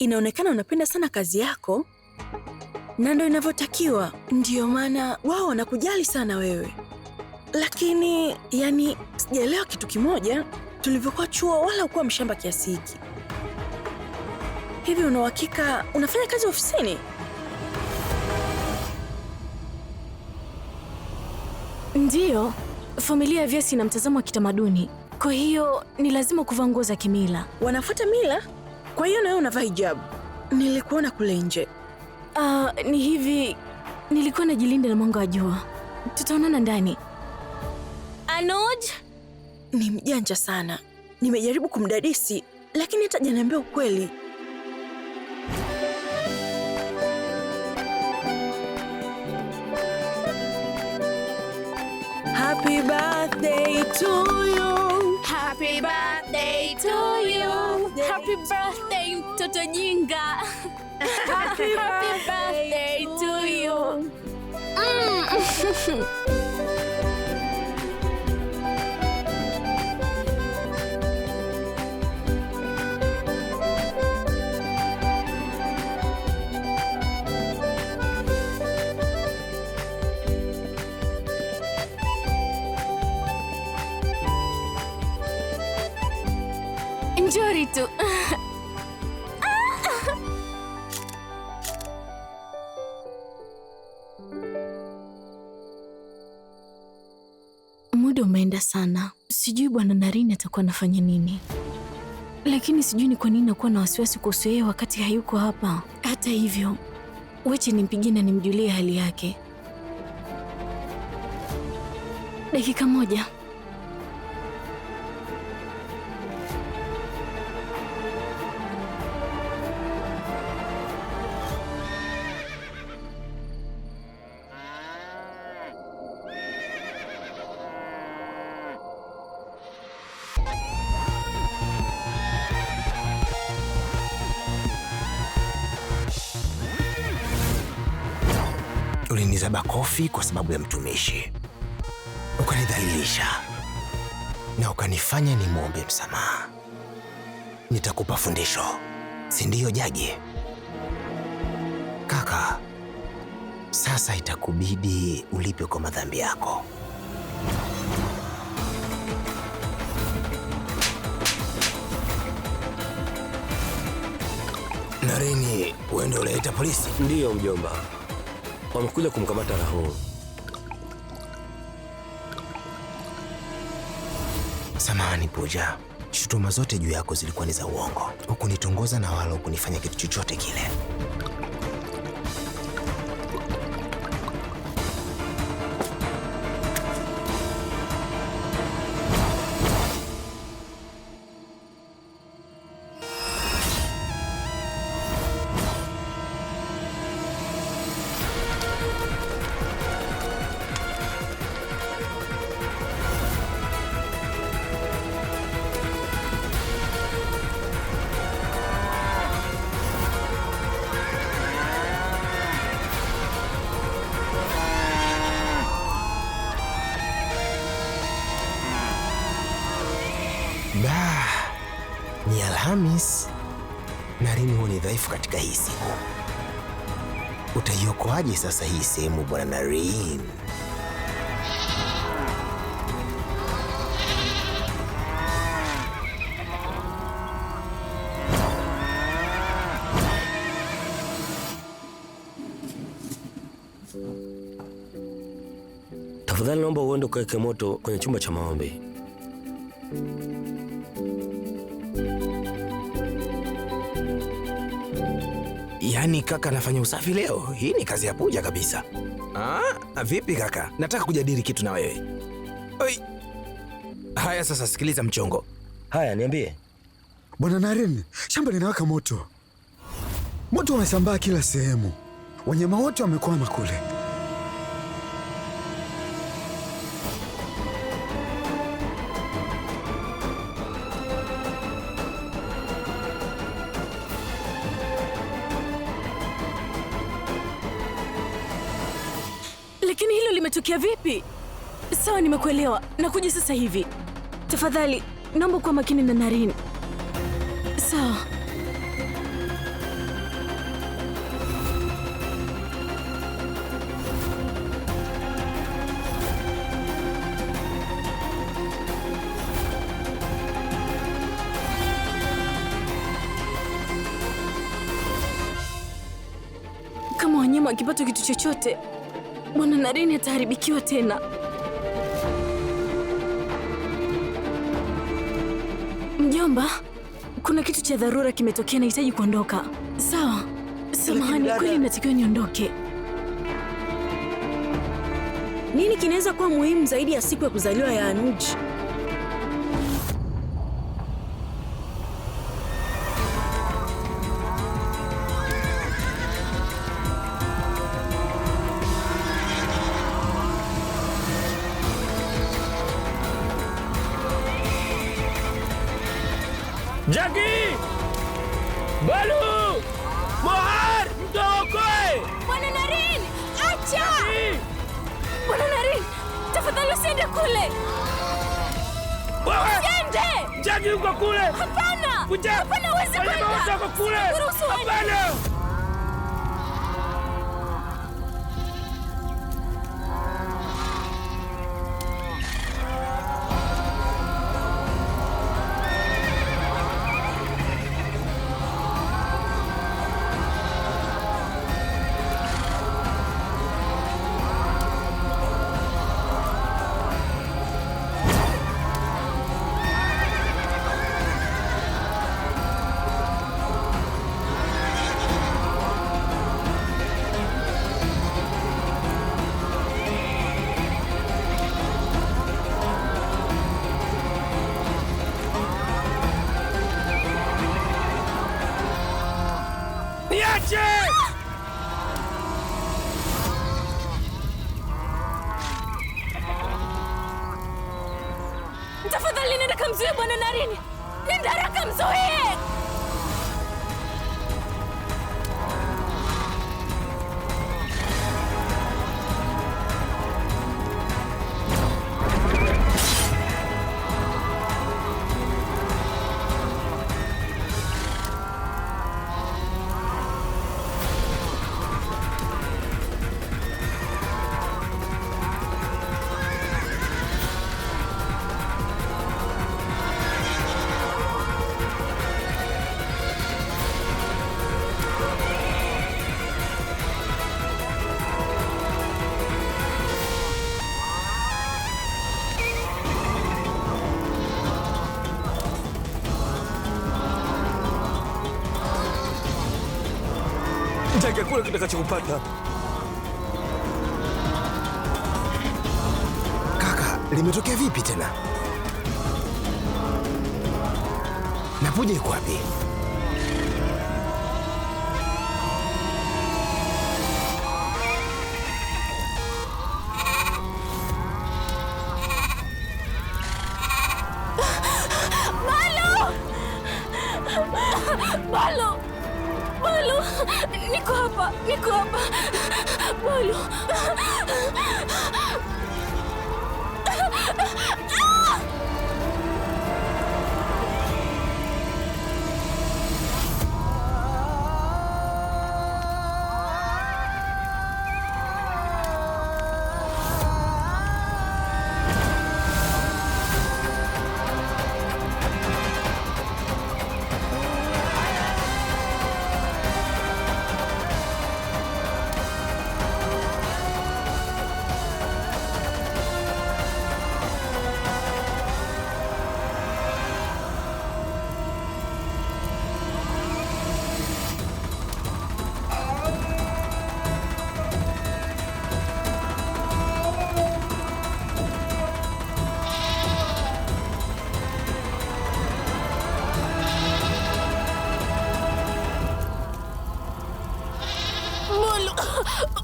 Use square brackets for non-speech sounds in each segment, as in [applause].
inaonekana unapenda sana kazi yako na ndo inavyotakiwa. Ndiyo maana wao wanakujali sana wewe. Lakini yani, sijaelewa kitu kimoja, tulivyokuwa chuo wala ukuwa mshamba kiasi hiki. Hivi una uhakika unafanya kazi ofisini? Ndiyo, familia ya Vyasi ina mtazamo wa kitamaduni, kwa hiyo ni lazima kuvaa nguo za kimila. Wanafuata mila kwa hiyo nawe unavaa hijabu? Nilikuona kule nje. Uh, ni hivi, nilikuwa najilinda na mwanga wa jua. Tutaonana ndani. Anuj ni mjanja sana. Nimejaribu kumdadisi lakini hata janiambia ukweli. Happy birthday to you. Happy birthday to you. Happy birthday to the jinga. [laughs] Happy birthday to you. Mm. [laughs] ಕಂಜೋರಿತ್ತು Muda umeenda sana, sijui bwana Naren atakuwa anafanya nini, lakini sijui ni kwa nini nakuwa na wasiwasi kuhusu yeye wakati hayuko hapa. Hata hivyo, wache nimpigie na nimjulie hali yake. Dakika moja. nilipiza bakofi kwa sababu ya mtumishi, ukanidhalilisha na ukanifanya ni mwombe msamaha. Nitakupa fundisho, si ndiyo jaji? Kaka, sasa itakubidi ulipe kwa madhambi yako. Narini, wewe ndio polisi? Ndiyo mjomba wamekuja kumkamata Rahul. Samahani Pooja, shutuma zote juu yako zilikuwa ni za uongo. Hukunitongoza na wala hukunifanya kitu chochote kile. Hamis, Naren huwa ni dhaifu katika hii siku. Utaiokoaje sasa hii sehemu bwana Naren? Tafadhali naomba uende ukaweke moto kwenye chumba cha maombi. Yaani kaka anafanya usafi leo? Hii ni kazi ya puja kabisa. Ah, vipi kaka? Nataka kujadili kitu na wewe. Oi. Haya sasa sikiliza mchongo. Haya niambie. Bwana Naren, shamba linawaka moto. Moto umesambaa kila sehemu. Wanyama wote wamekwama kule. Imetokea vipi? Sawa, nimekuelewa. Nakuja sasa hivi. Tafadhali naomba kuwa makini na Naren. Sawa. Kama wanyama akipata kitu chochote Bwana Naren ataharibikiwa tena. Mjomba, kuna kitu cha dharura kimetokea, nahitaji kuondoka. Sawa, samahani, kweli natakiwa niondoke. Nini kinaweza kuwa muhimu zaidi ya siku ya kuzaliwa ya Anuj? kule. Usiende. Jaji uko kule. Hapana. Hapana, uwezi kwenda. Hapana. hakuna kitakachokupata. Kaka, limetokea vipi tena? Napuja Pooja iko wapi?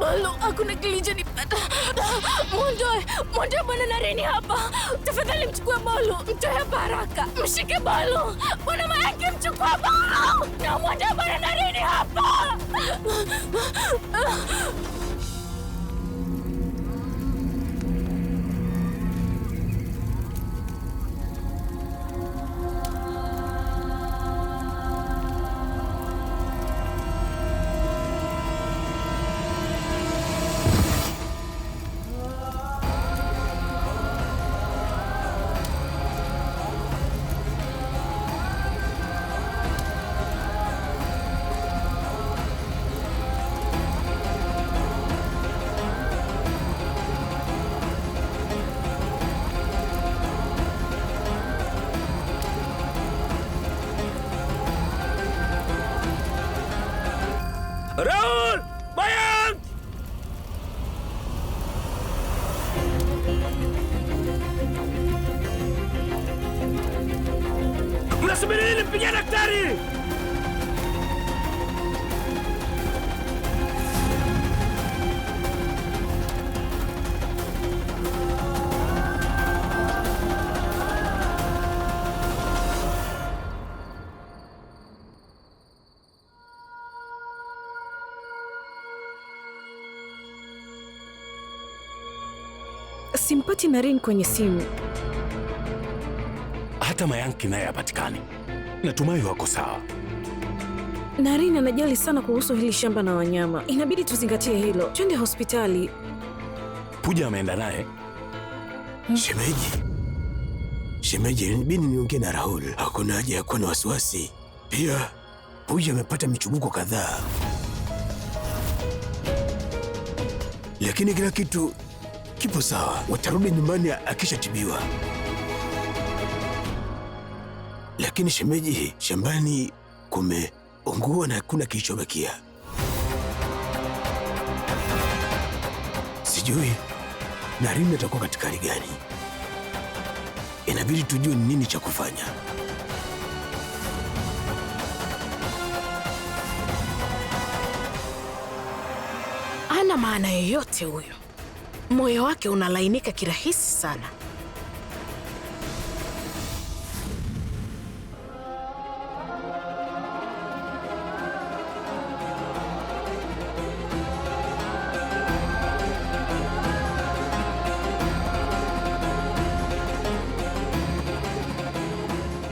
Balo, hakuna kilichonipata. Mwondoe, mwondoe Bwana Naren hapa. Tafadhali mchukue Balo, mtoe hapa haraka. Mshike Balo. Bwana Mayake, mchukua Balo. Na mwondoe Bwana Naren hapa. Simpati Naren kwenye simu, hata Mayanki naye hapatikani. Natumai wako sawa. Naren anajali sana kuhusu hili shamba na wanyama, inabidi tuzingatie hilo. Twende hospitali. Puja ameenda naye. Hmm. Shemeji, shemeji, bini niongee na Rahul. Hakuna haja ya kuwa na wasiwasi. Pia Puja amepata michubuko kadhaa, lakini kila kitu kipo sawa, watarudi nyumbani akishatibiwa. Lakini shemeji, shambani kumeungua na hakuna kilichobakia. Sijui Naren atakuwa katika hali gani. Inabidi tujue nini cha kufanya. Ana maana yoyote huyo. Moyo wake unalainika kirahisi sana.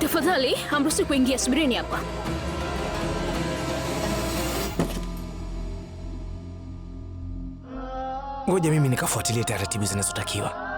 Tafadhali hamruhusi kuingia, subirini hapa. Ngoja mimi nikafuatilie taratibu zinazotakiwa.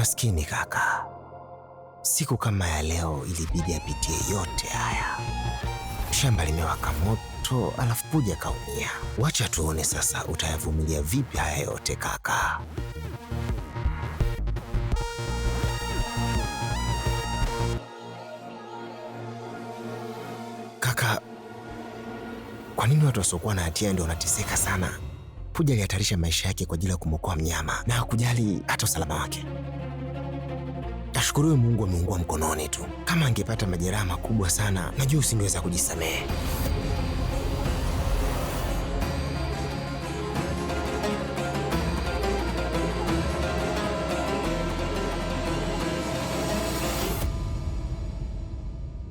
Maskini kaka, siku kama ya leo ilibidi apitie yote haya. Shamba limewaka moto, alafu Puja kaumia. Wacha tuone sasa utayavumilia vipi haya yote kaka. Kaka, kwa nini watu wasiokuwa na hatia ndio wanateseka sana? Puja alihatarisha maisha yake kwa ajili ya kumwokoa mnyama na hakujali hata usalama wake. Ashukuriwe Mungu ameungua mkononi tu. Kama angepata majeraha makubwa sana, najua usingeweza kujisamehe.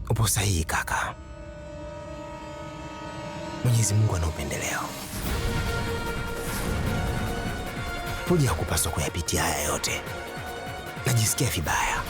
Upo sahihi kaka, Mwenyezi Mungu ana upendeleo. Puja hakupaswa kuyapitia haya yote. La à Hibert.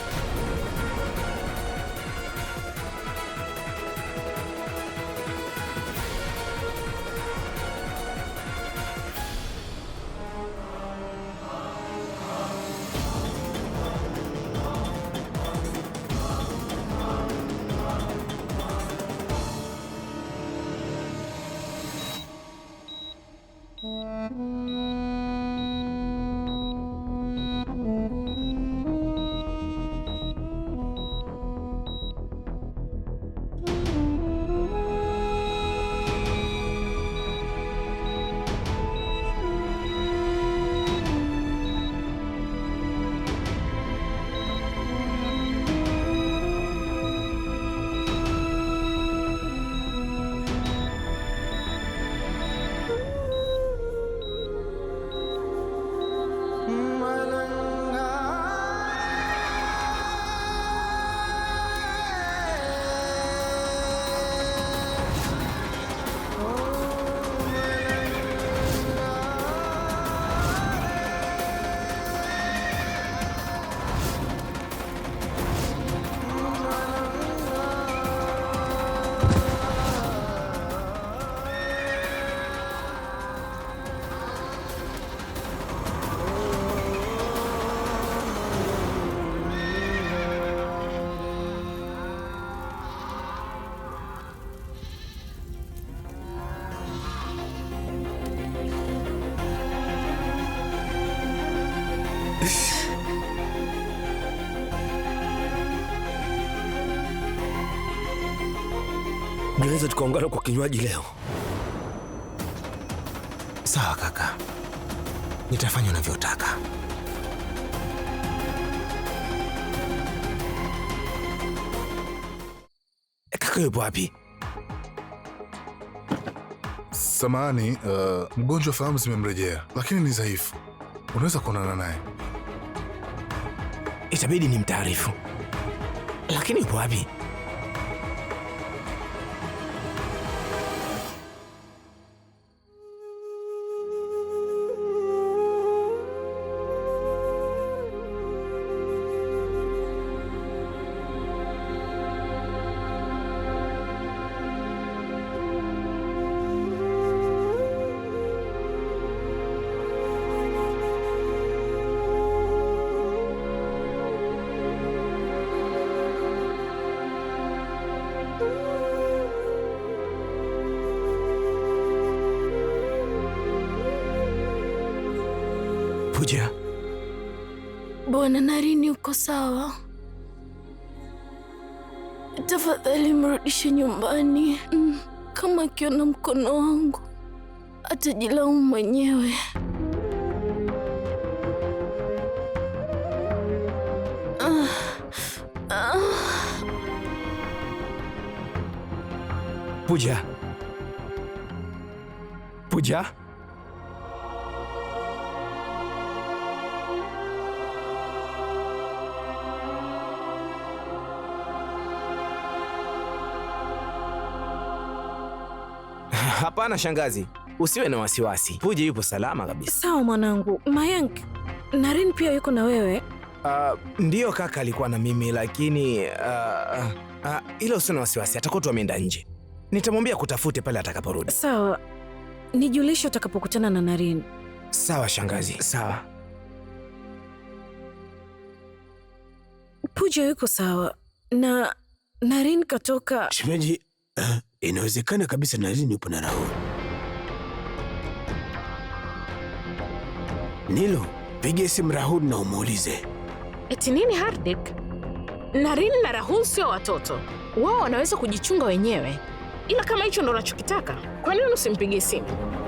tunaweza tukaungana kwa kinywaji leo. Sawa kaka, nitafanya unavyotaka. Kaka yupo wapi? Samani, uh, mgonjwa fahamu zimemrejea, lakini ni dhaifu. Unaweza kuonana naye, itabidi ni mtaarifu. Lakini yupo wapi? Pooja. Bwana narini uko sawa? Tafadhali mrudishe nyumbani. Mm, kama akiona mkono wangu atajilaumu mwenyewe. puja puja Puja. Hapana shangazi, usiwe na wasiwasi, puje yupo salama kabisa. Sawa mwanangu. Mayank, Naren pia yuko na wewe? Uh, ah, ndiyo kaka alikuwa na mimi lakini uh, uh, ila usiwe na wasiwasi, atakuwa tu ameenda nje. Nitamwambia kutafute pale atakaporudi. Sawa, nijulishe utakapokutana na Naren. Sawa shangazi, sawa. puje yuko sawa na Naren katoka. Shemeji, uh, Inawezekana kabisa Naren yupo na Rahul. Nilo, pige simu Rahul na umuulize. Eti nini Hardik? Naren na Rahul sio watoto, wao wanaweza kujichunga wenyewe, ila kama hicho ndo unachokitaka, kwa nini usimpigie simu?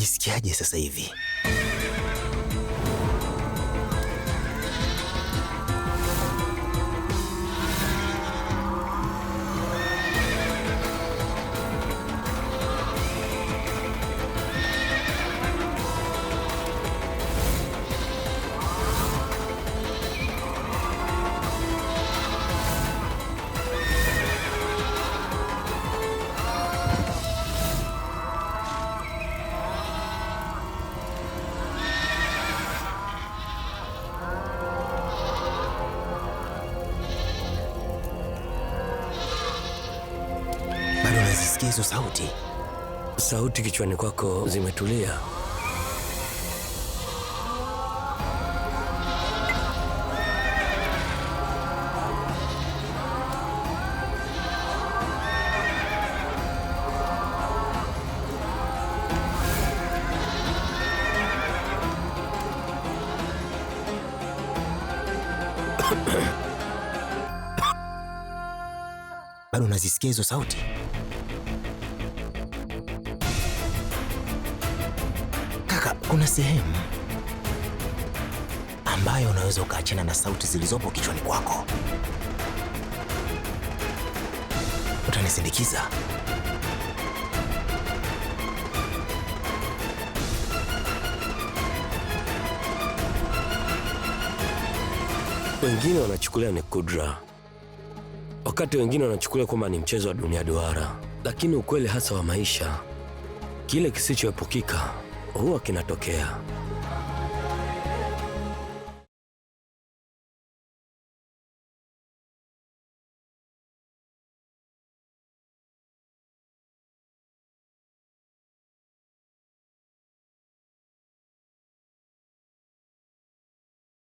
unajisikiaje sasa hivi? hizo sauti? Sauti kichwani kwako zimetulia? [coughs] Bado nazisikia hizo sauti? kuna sehemu ambayo unaweza ukaachana na sauti zilizopo kichwani kwako. Utanisindikiza? Wengine wanachukulia ni kudra, wakati wengine wanachukulia kwamba ni mchezo wa dunia duara, lakini ukweli hasa wa maisha, kile kisichoepukika huwa kinatokea.